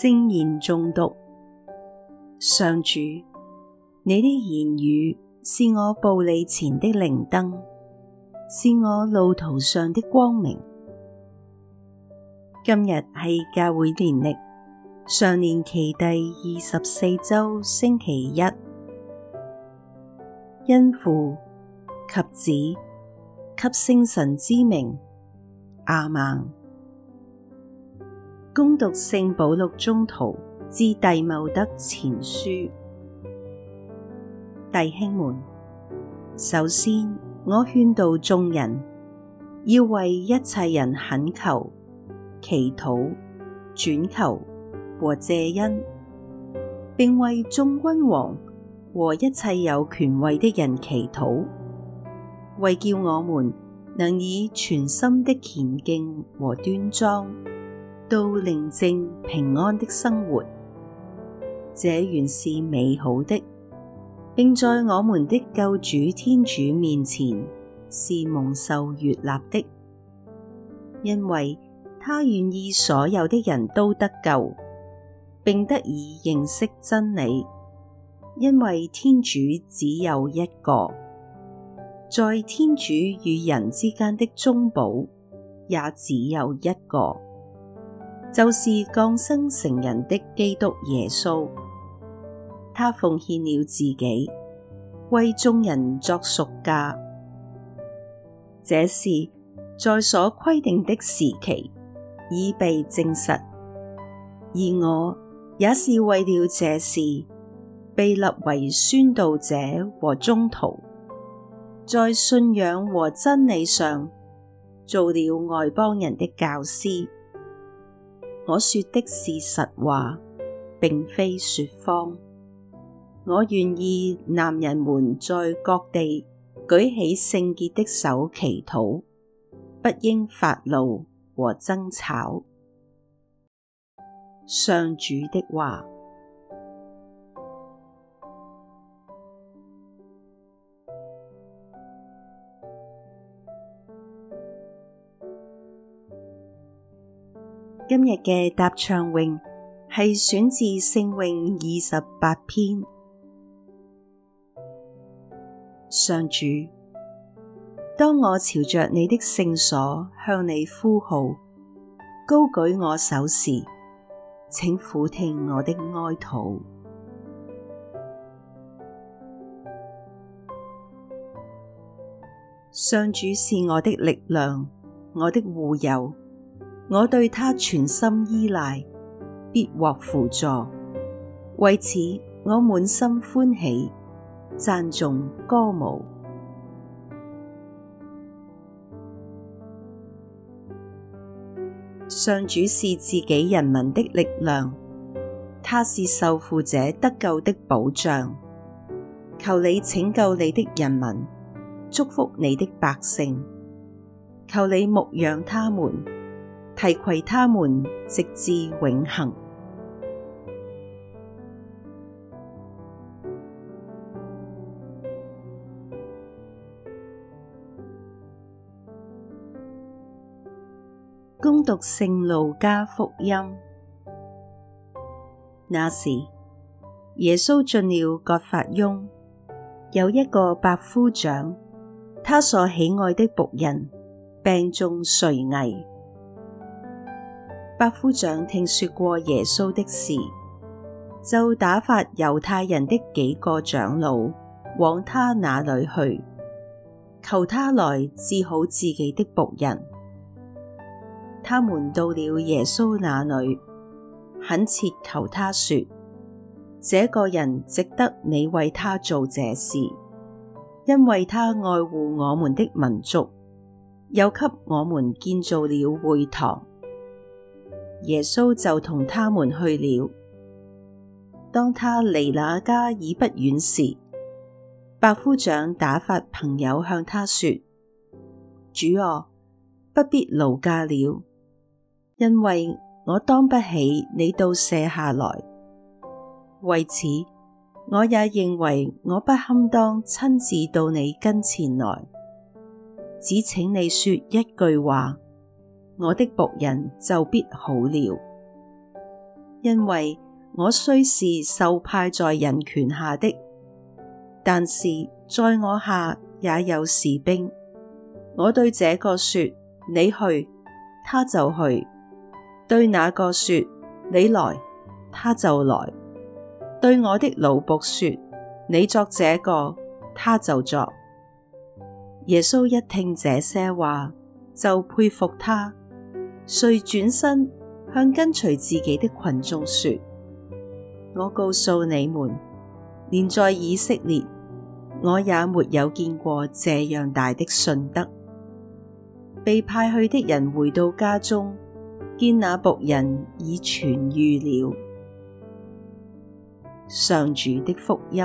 聖言誦讀。上主，你的言語是我步履前的靈燈，是我路途上的光明。今日係教會年曆常年期第二十四周星期一，因父及子及聖神之名，阿門。恭讀聖保祿宗徒至弟茂德前書，弟兄們，首先我勸導眾人，要為一切人懇求、祈禱、轉求和謝恩，並為眾君王和一切有權位的人祈禱，為叫我們能以全心的虔敬和端莊。到寧靜平安的生活，這原是美好的，並在我們的救主天主面前是蒙受悅納的，因為他願意所有的人都得救，並得以認識真理。因為天主只有一個，在天主與人之間的中保也只有一個。就是降生成人的基督耶穌，他奉獻了自己，為眾人作贖價。這事在所規定的時期已被證實，而我也是為了這事被立為宣道者和宗徒，在信仰和真理上做了外邦人的教師。我說的是實話，並非說謊。我願意男人們在各地舉起聖潔的手祈禱，不應發怒和爭吵。上主的話。今日嘅答唱詠係選自聖詠二十八篇。上主，當我朝着你的聖所向你呼號，高舉我手時，請俯聽我的哀禱。上主是我的力量，我的護佑。我對他全心依賴，必獲扶助。為此，我滿心歡喜，讚頌歌舞。上主是自己人民的力量，他是受傅者得救的保障。求你拯救你的人民，祝福你的百姓，求你牧養他們。提攜他們，直至永恒。恭讀《聖路加福音》，那時耶穌進了葛法翁，有一個百夫長，他所喜愛的僕人病重垂危。百夫長聽說過耶穌的事，就打發猶太人的幾個長老往他那裏去，求他來治好自己的僕人。他們到了耶穌那裏，懇切求他說：「這個人值得你為他做這事，因為他愛護我們的民族，又給我們建造了會堂。」耶穌就同他們去了。當他離那家已不遠時，百夫長打發朋友向他說：主哦、啊，不必勞駕了，因為我當不起你到舍下來。為此，我也認為我不堪當親自到你跟前來，只請你說一句話。我的僕人就必好了，因為我雖是受派在人權下的，但是在我下也有士兵。我對這個說：你去，他就去；對那個說：你來，他就來；對我的奴僕說：你作這個，他就作。耶穌一聽這些話，就佩服他。遂轉身向跟隨自己的群眾說：我告訴你們，連在以色列，我也沒有見過這樣大的信德。被派去的人回到家中，見那僕人已痊癒了。—上主的福音。